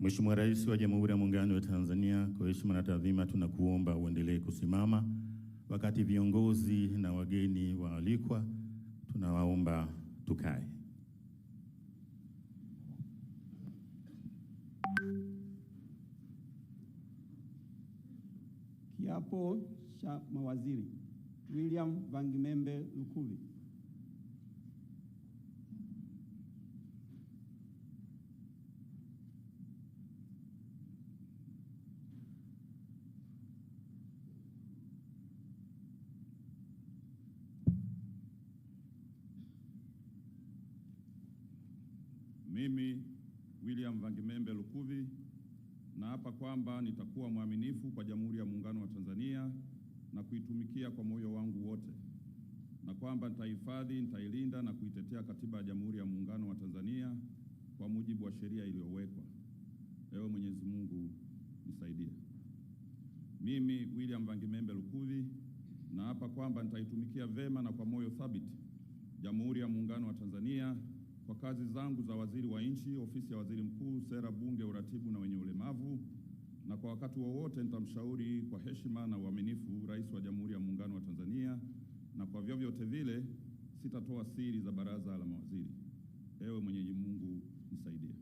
Mheshimiwa Rais wa Jamhuri ya Muungano wa Tanzania, kwa heshima na taadhima, tunakuomba uendelee kusimama wakati viongozi na wageni waalikwa tunawaomba tukae. Kiapo cha mawaziri. William Vangimembe Lukuvi. William Vangimembe Lukuvi hapa kwamba nitakuwa mwaminifu kwa Jamhuri ya Muungano wa Tanzania na kuitumikia kwa moyo wangu wote, na kwamba nitahifadhi, nitailinda na kuitetea Katiba ya Jamhuri ya Muungano wa Tanzania kwa mujibu wa sheria iliyowekwa. Ewe Mwenyezi Mungu nisaidie. Mimi William Vangimembe Lukuvi hapa kwamba nitaitumikia vema na kwa moyo thabiti Jamhuri ya Muungano wa Tanzania kwa kazi zangu za waziri wa nchi, ofisi ya waziri mkuu, sera, bunge, uratibu na wenye ulemavu, na kwa wakati wowote wa nitamshauri kwa heshima na uaminifu Rais wa Jamhuri ya Muungano wa Tanzania, na kwa vyovyote vile sitatoa siri za baraza la mawaziri. Ewe Mwenyezi Mungu nisaidie.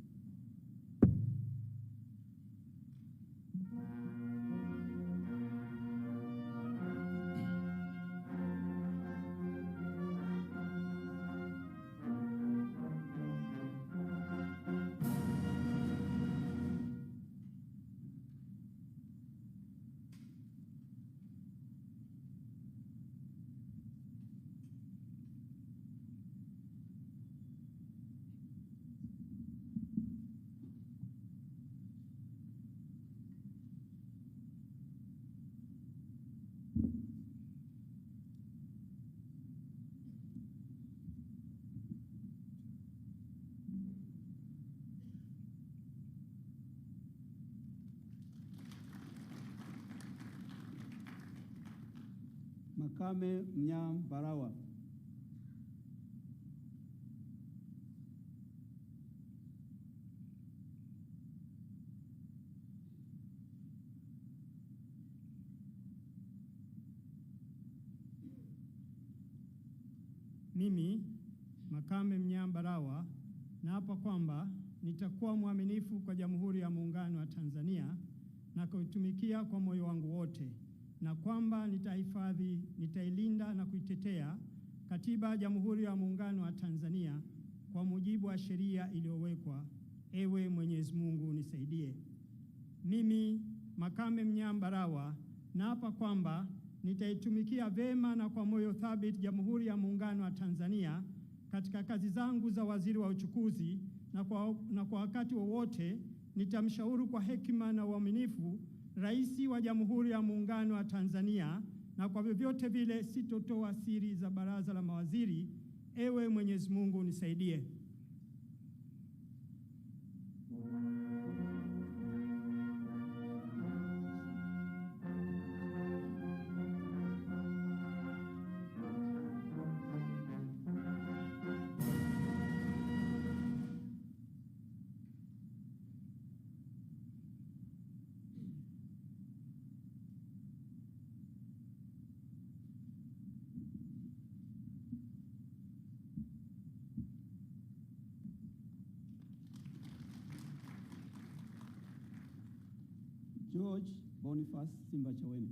Makame Mnyam Barawa. mimi Makame Mnyamba Lawa naapa kwamba nitakuwa mwaminifu kwa Jamhuri ya Muungano wa Tanzania na kuitumikia kwa moyo wangu wote, na kwamba nitahifadhi, nitailinda na kuitetea Katiba ya Jamhuri ya Muungano wa Tanzania kwa mujibu wa sheria iliyowekwa. Ewe Mwenyezi Mungu nisaidie. Mimi Makame Mnyamba Lawa naapa kwamba nitaitumikia vema na kwa moyo thabiti Jamhuri ya Muungano wa Tanzania katika kazi zangu za waziri wa uchukuzi na kwa, na kwa wakati wowote nitamshauri kwa hekima na uaminifu Rais wa Jamhuri ya Muungano wa Tanzania, na kwa vyovyote vile sitotoa siri za baraza la mawaziri. Ewe Mwenyezi Mungu unisaidie. George Boniface Simbachawene.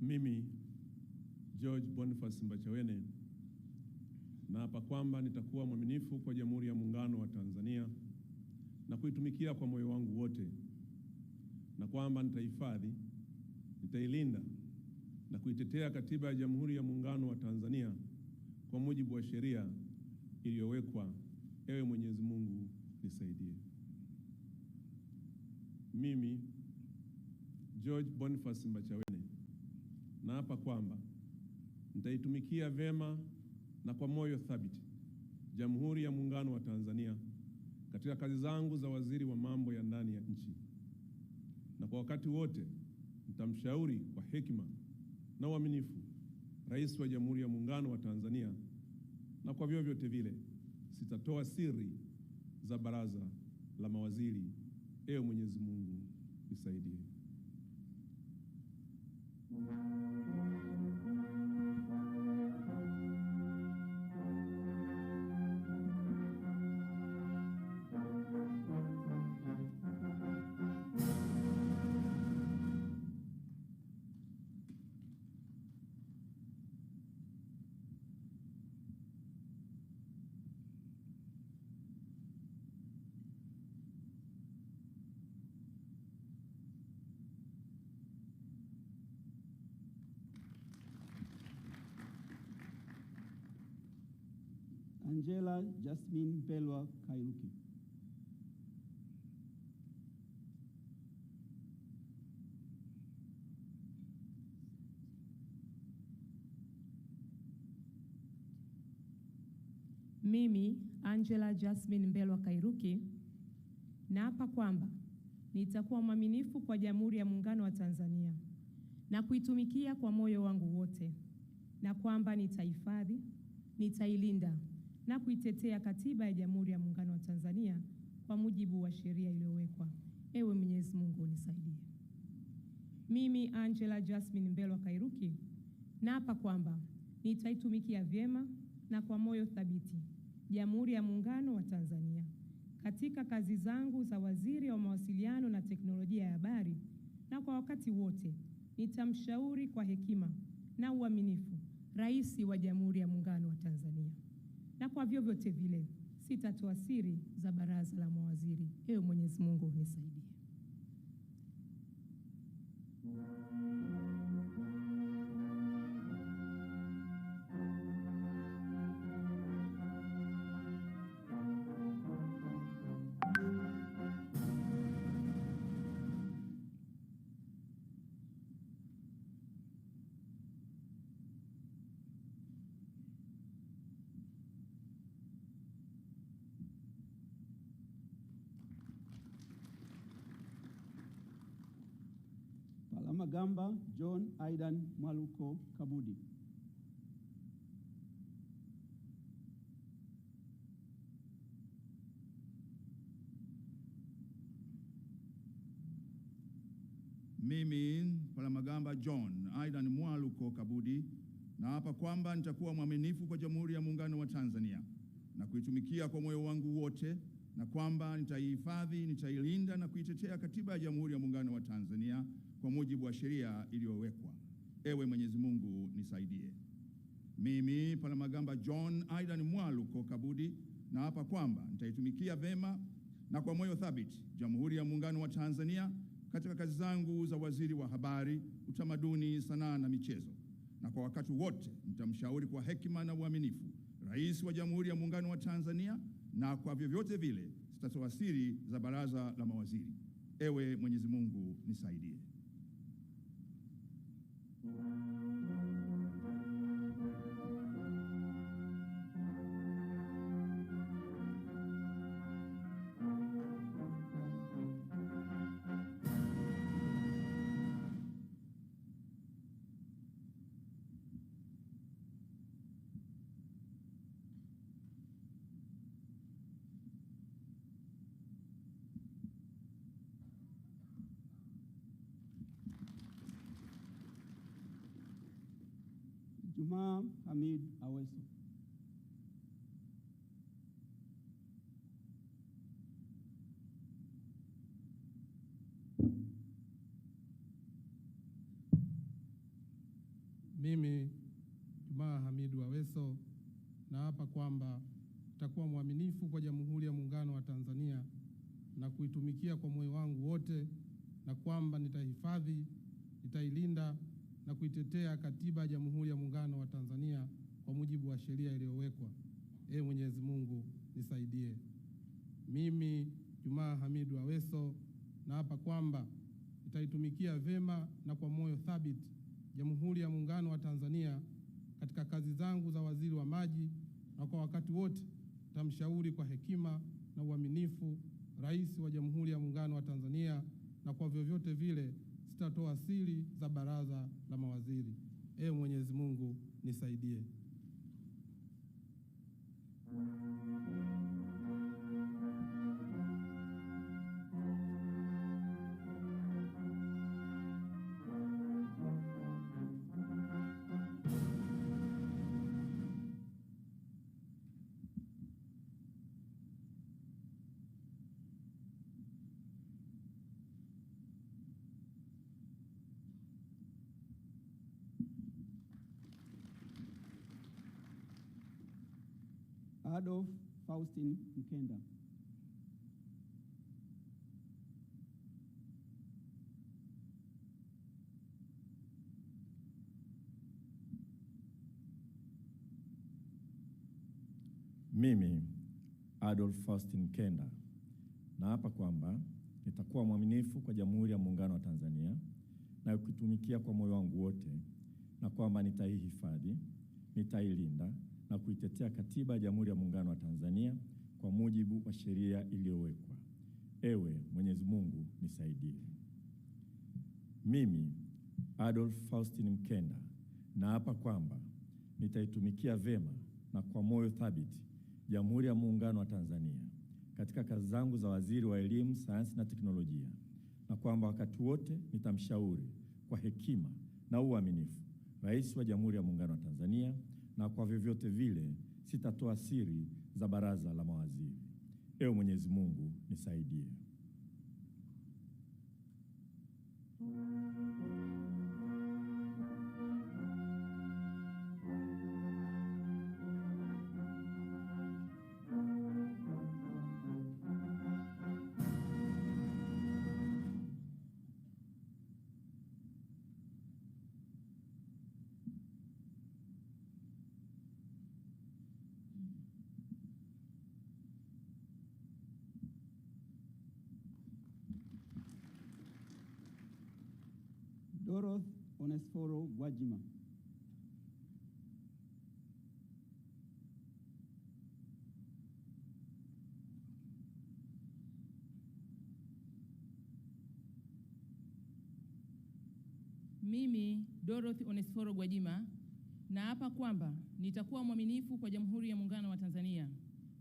Mimi George Boniface Simbachawene naapa kwamba nitakuwa mwaminifu kwa Jamhuri ya Muungano wa Tanzania na kuitumikia kwa moyo wangu wote, na kwamba nitahifadhi, nitailinda na kuitetea Katiba ya Jamhuri ya Muungano wa Tanzania kwa mujibu wa sheria iliyowekwa. Ewe Mwenyezi Mungu nisaidie. Mimi George Boniface Mbachawene naapa kwamba nitaitumikia vema na kwa moyo thabiti Jamhuri ya Muungano wa Tanzania katika kazi zangu za waziri wa mambo ya ndani ya nchi, na kwa wakati wote nitamshauri kwa hekima na uaminifu Rais wa Jamhuri ya Muungano wa Tanzania, na kwa vyovyote vile sitatoa siri za baraza la mawaziri. Ewe Mwenyezi Mungu nisaidie. Angela Jasmine Mpelwa Kairuki. Mimi Angela Jasmine mbelwa Kairuki naapa kwamba nitakuwa mwaminifu kwa Jamhuri ya Muungano wa Tanzania na kuitumikia kwa moyo wangu wote na kwamba nitahifadhi, nitailinda na kuitetea Katiba ya Jamhuri ya Muungano wa Tanzania kwa mujibu wa sheria iliyowekwa. Ewe Mwenyezi Mungu unisaidie. Mimi Angela Jasmine Mbelwa Kairuki naapa kwamba nitaitumikia vyema na kwa moyo thabiti Jamhuri ya Muungano wa Tanzania katika kazi zangu za waziri wa mawasiliano na teknolojia ya habari, na kwa wakati wote nitamshauri kwa hekima na uaminifu Rais wa Jamhuri ya Muungano wa Tanzania na kwa vyovyote vile sitatoa siri za baraza la mawaziri. Ewe Mwenyezi Mungu unisaidie. Amagamba John Aidan Mwaluko Kabudi. Mimi Palamagamba John Aidan Mwaluko Kabudi hapa kwamba nitakuwa mwaminifu kwa Jamhuri ya Muungano wa Tanzania na kuitumikia kwa moyo wangu wote na kwamba nitaihifadhi, nitailinda na kuitetea Katiba ya Jamhuri ya Muungano wa Tanzania kwa mujibu wa sheria iliyowekwa. Ewe Mwenyezi Mungu nisaidie. Mimi Palamagamba John Aidan Mwaluko Kabudi hapa kwamba nitaitumikia vema na kwa moyo thabiti Jamhuri ya Muungano wa Tanzania katika kazi zangu za waziri wa habari, utamaduni, sanaa na michezo, na kwa wakati wote nitamshauri kwa hekima na uaminifu Rais wa Jamhuri ya Muungano wa Tanzania, na kwa vyovyote vile sitatoa siri za baraza la mawaziri. Ewe Mwenyezi Mungu nisaidie. Hum. Jumaa Hamid Aweso. Mimi Jumaa Hamidu Aweso naapa kwamba nitakuwa mwaminifu kwa Jamhuri ya Muungano wa Tanzania na kuitumikia kwa moyo wangu wote, na kwamba nitahifadhi, nitailinda na kuitetea katiba ya Jamhuri ya Muungano wa Tanzania kwa mujibu wa sheria iliyowekwa. Ee Mwenyezi Mungu nisaidie. Mimi Jumaa Hamidu Aweso naapa kwamba nitaitumikia vyema na kwa moyo thabiti Jamhuri ya Muungano wa Tanzania katika kazi zangu za waziri wa maji, na kwa wakati wote nitamshauri kwa hekima na uaminifu Rais wa Jamhuri ya Muungano wa Tanzania, na kwa vyovyote vile sitatoa siri za baraza la mawaziri. Ee Mwenyezi Mungu nisaidie. Adolf Faustin Mkenda. Mimi Adolf Faustin Mkenda naapa kwamba nitakuwa mwaminifu kwa Jamhuri ya Muungano wa Tanzania na kuitumikia kwa moyo wangu wote, na kwamba nitaihifadhi, nitailinda na kuitetea Katiba ya Jamhuri ya Muungano wa Tanzania kwa mujibu wa sheria iliyowekwa. Ewe Mwenyezi Mungu nisaidie. Mimi Adolf Faustin Mkenda naapa kwamba nitaitumikia vyema na kwa moyo thabiti Jamhuri ya Muungano wa Tanzania katika kazi zangu za waziri wa elimu, sayansi na teknolojia, na kwamba wakati wote nitamshauri kwa hekima na uaminifu Rais wa Jamhuri ya Muungano wa Tanzania na kwa vyovyote vile sitatoa siri za baraza la mawaziri. Ewe Mwenyezi Mungu nisaidie. Onesforo Gwajima. Mimi Dorothy Onesforo Gwajima naapa kwamba nitakuwa mwaminifu kwa Jamhuri ya Muungano wa Tanzania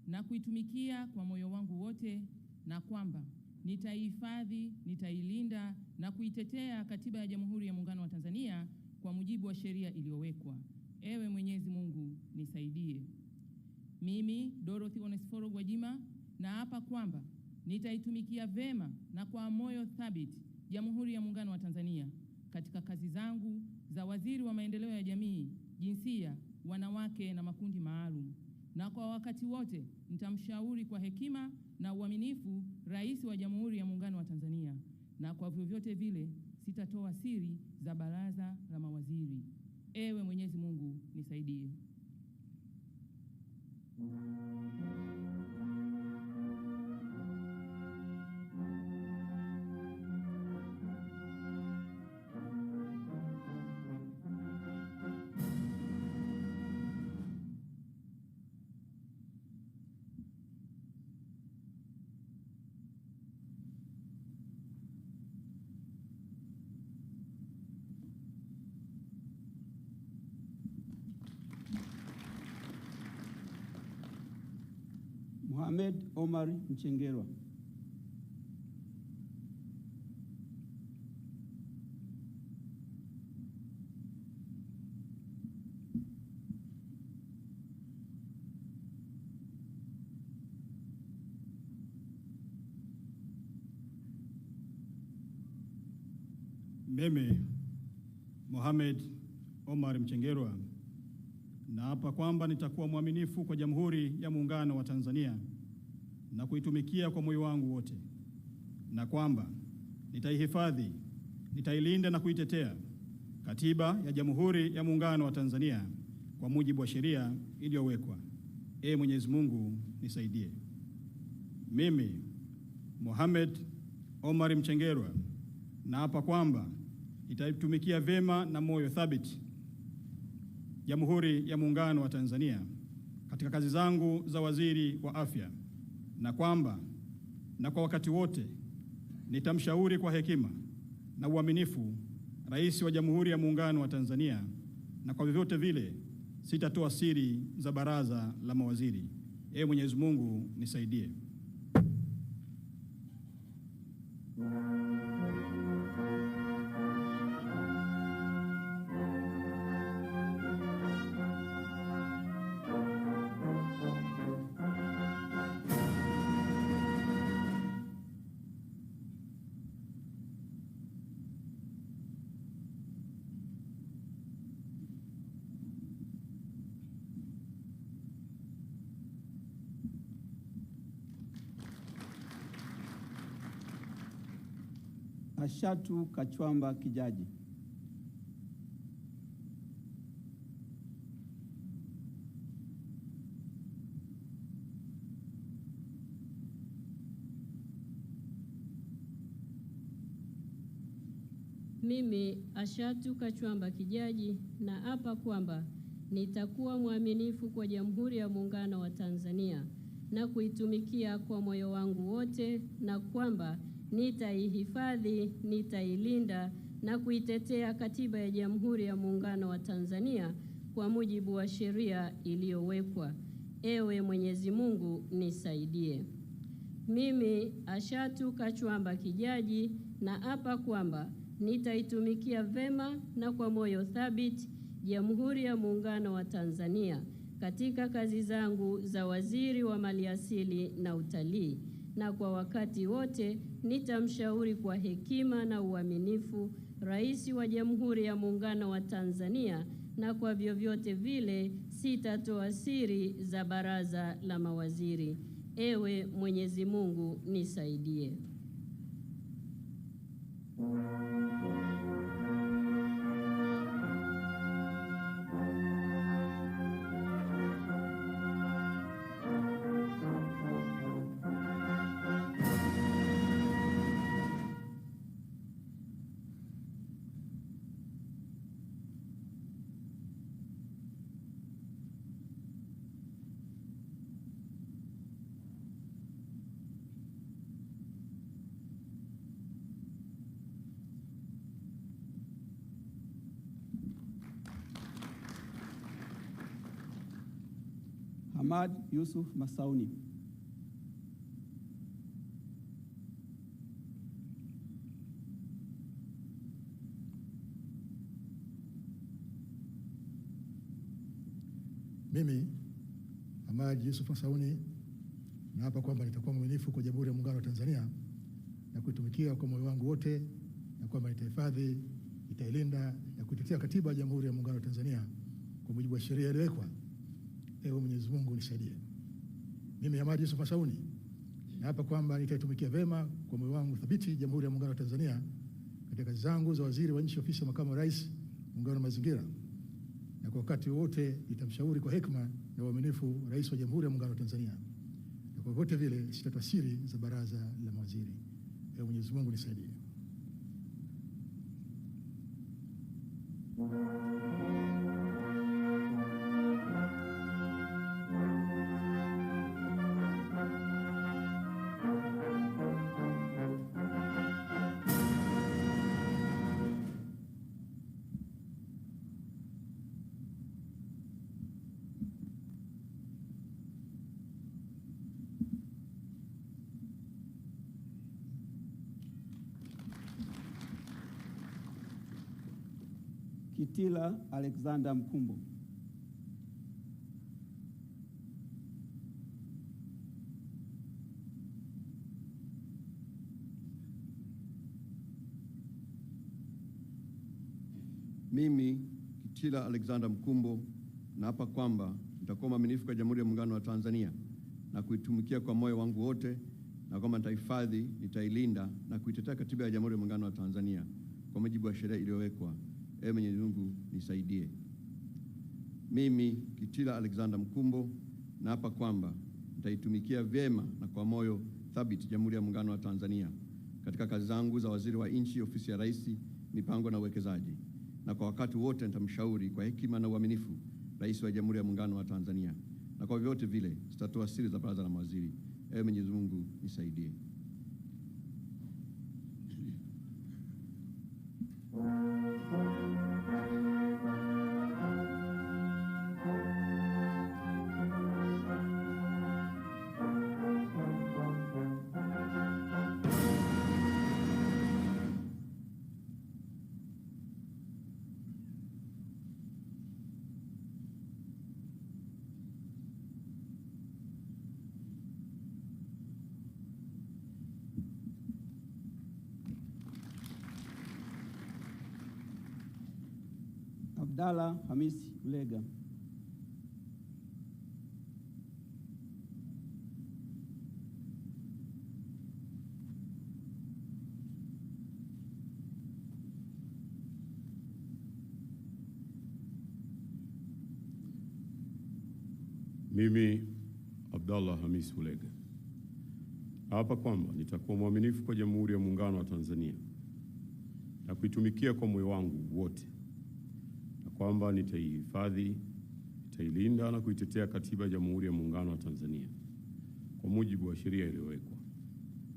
na kuitumikia kwa moyo wangu wote na kwamba nitaihifadhi, nitailinda na kuitetea Katiba ya Jamhuri ya Muungano wa Tanzania kwa mujibu wa sheria iliyowekwa. Ewe Mwenyezi Mungu nisaidie. Mimi Dorothy Onesforo Gwajima naapa kwamba nitaitumikia vema na kwa moyo thabiti Jamhuri ya Muungano wa Tanzania katika kazi zangu za waziri wa maendeleo ya jamii, jinsia, wanawake na makundi maalum, na kwa wakati wote nitamshauri kwa hekima na uaminifu Rais wa Jamhuri ya Muungano wa Tanzania na kwa vyovyote vile sitatoa siri za baraza la mawaziri. Ewe Mwenyezi Mungu nisaidie. Mohamed Omar Mchengerwa. Mimi Mohamed Omar Mchengerwa Naapa kwamba nitakuwa mwaminifu kwa Jamhuri ya Muungano wa Tanzania na kuitumikia kwa moyo wangu wote, na kwamba nitaihifadhi, nitailinda na kuitetea Katiba ya Jamhuri ya Muungano wa Tanzania kwa mujibu wa sheria iliyowekwa. Ee Mwenyezi Mungu nisaidie. Mimi Mohamed Omar Mchengerwa naapa kwamba nitaitumikia vyema na moyo thabiti Jamhuri ya Muungano wa Tanzania katika kazi zangu za waziri wa afya, na kwamba na kwa wakati wote nitamshauri kwa hekima na uaminifu Rais wa Jamhuri ya Muungano wa Tanzania, na kwa vyovyote vile sitatoa siri za baraza la mawaziri. Ee Mwenyezi Mungu nisaidie. Hashatu Kachwamba Kijaji. Mimi Ashatu Kachwamba Kijaji na hapa kwamba nitakuwa mwaminifu kwa Jamhuri ya Muungano wa Tanzania na kuitumikia kwa moyo wangu wote na kwamba nitaihifadhi, nitailinda na kuitetea Katiba ya Jamhuri ya Muungano wa Tanzania kwa mujibu wa sheria iliyowekwa. Ewe Mwenyezi Mungu nisaidie. Mimi Ashatu Kachwamba Kijaji na hapa kwamba nitaitumikia vema na kwa moyo thabiti Jamhuri ya Muungano wa Tanzania katika kazi zangu za waziri wa maliasili na utalii na kwa wakati wote nitamshauri kwa hekima na uaminifu Rais wa Jamhuri ya Muungano wa Tanzania na kwa vyovyote vile sitatoa siri za baraza la mawaziri. Ewe Mwenyezi Mungu nisaidie. Hamad Yusuf Masauni. Mimi Hamad Yusuf Masauni naapa kwamba nitakuwa mwaminifu kwa Jamhuri ya Muungano wa Tanzania na kuitumikia kwa moyo wangu wote na kwamba nitahifadhi, nitailinda na kuitetea Katiba ya Jamhuri ya Muungano wa Tanzania kwa mujibu wa sheria iliyowekwa Ewe Mwenyezi Mungu unisaidie. Mimi Hamad Yusuf Masauni naapa kwamba nitaitumikia vema kwa moyo wangu thabiti Jamhuri ya Muungano wa Tanzania katika kazi zangu za waziri wa nchi ofisi ya makamu wa rais muungano wa mazingira, na kwa wakati wote nitamshauri kwa hekima na uaminifu rais wa Jamhuri ya Muungano wa Tanzania, na kwa vyote vile sitatoa siri za baraza la mawaziri. Ewe Mwenyezi Mungu nisaidie. Kitila Alexander Mkumbo. Mimi Kitila Alexander Mkumbo naapa kwamba nitakuwa mwaminifu kwa Jamhuri ya Muungano wa Tanzania na kuitumikia kwa moyo wangu wote, na kwamba nitahifadhi, nitailinda na kuitetea Katiba ya Jamhuri ya Muungano wa Tanzania kwa mujibu wa sheria iliyowekwa Ee Mwenyezi Mungu nisaidie. Mimi Kitila Alexander Mkumbo naapa kwamba nitaitumikia vyema na kwa moyo thabiti Jamhuri ya Muungano wa Tanzania katika kazi zangu za waziri wa nchi, ofisi ya Rais, mipango na uwekezaji, na kwa wakati wote nitamshauri kwa hekima na uaminifu Rais wa Jamhuri ya Muungano wa Tanzania, na kwa vyovyote vile sitatoa siri za baraza la mawaziri. Ewe Mwenyezi Mungu nisaidie. Abdalla Hamisi Ulega. Mimi abdallah hamis Ulega hapa kwamba nitakuwa mwaminifu kwa Jamhuri ya Muungano wa Tanzania na kuitumikia kwa moyo wangu wote kwamba nitaihifadhi, nitailinda na kuitetea Katiba ya Jamhuri ya Muungano wa Tanzania kwa mujibu wa sheria iliyowekwa.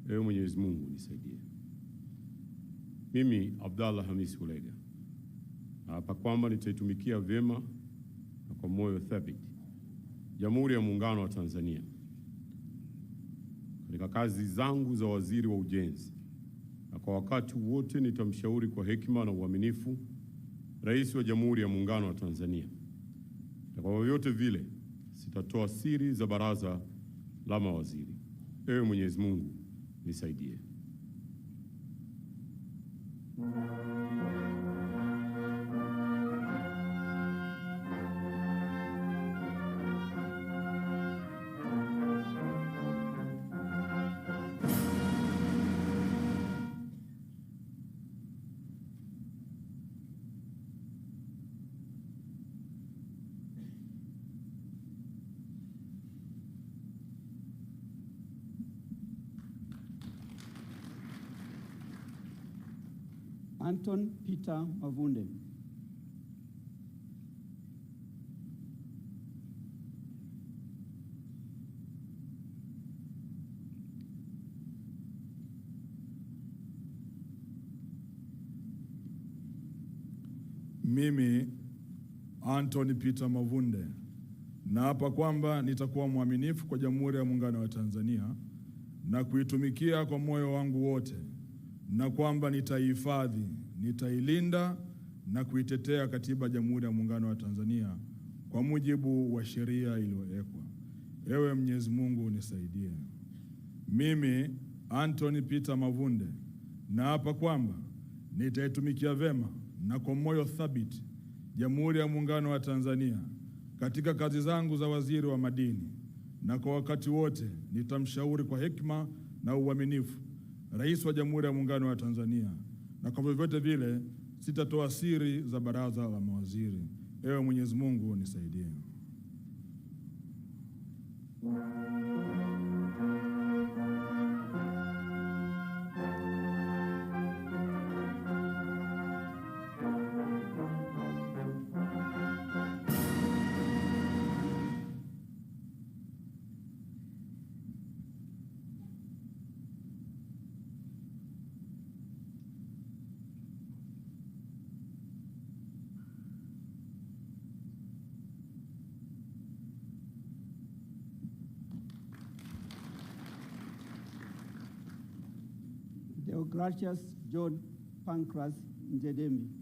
Ewe Mwenyezi Mungu nisaidie. Mimi Abdallah Hamis Ulega naapa kwamba nitaitumikia vyema na kwa moyo thabiti Jamhuri ya Muungano wa Tanzania katika kazi zangu za waziri wa ujenzi, na kwa wakati wote nitamshauri kwa hekima na uaminifu Rais wa Jamhuri ya Muungano wa Tanzania. Na kwa vyovyote vile sitatoa siri za baraza la mawaziri. Ewe Mwenyezi Mungu nisaidie. Anton Peter Mavunde. Mimi Anthony Peter Mavunde naapa kwamba nitakuwa mwaminifu kwa Jamhuri ya Muungano wa Tanzania na kuitumikia kwa moyo wangu wote na kwamba nitaihifadhi, nitailinda na kuitetea katiba ya Jamhuri ya Muungano wa Tanzania kwa mujibu wa sheria iliyowekwa. Ewe Mwenyezi Mungu unisaidie. Mimi Anthony Peter Mavunde naapa kwamba nitaitumikia vema na kwa moyo thabiti Jamhuri ya Muungano wa Tanzania katika kazi zangu za waziri wa madini, na kwa wakati wote nitamshauri kwa hekima na uaminifu Rais wa Jamhuri ya Muungano wa Tanzania na kwa vyovyote vile sitatoa siri za baraza la mawaziri. Ewe Mwenyezi Mungu nisaidie. Precious John Pancras Njedemi.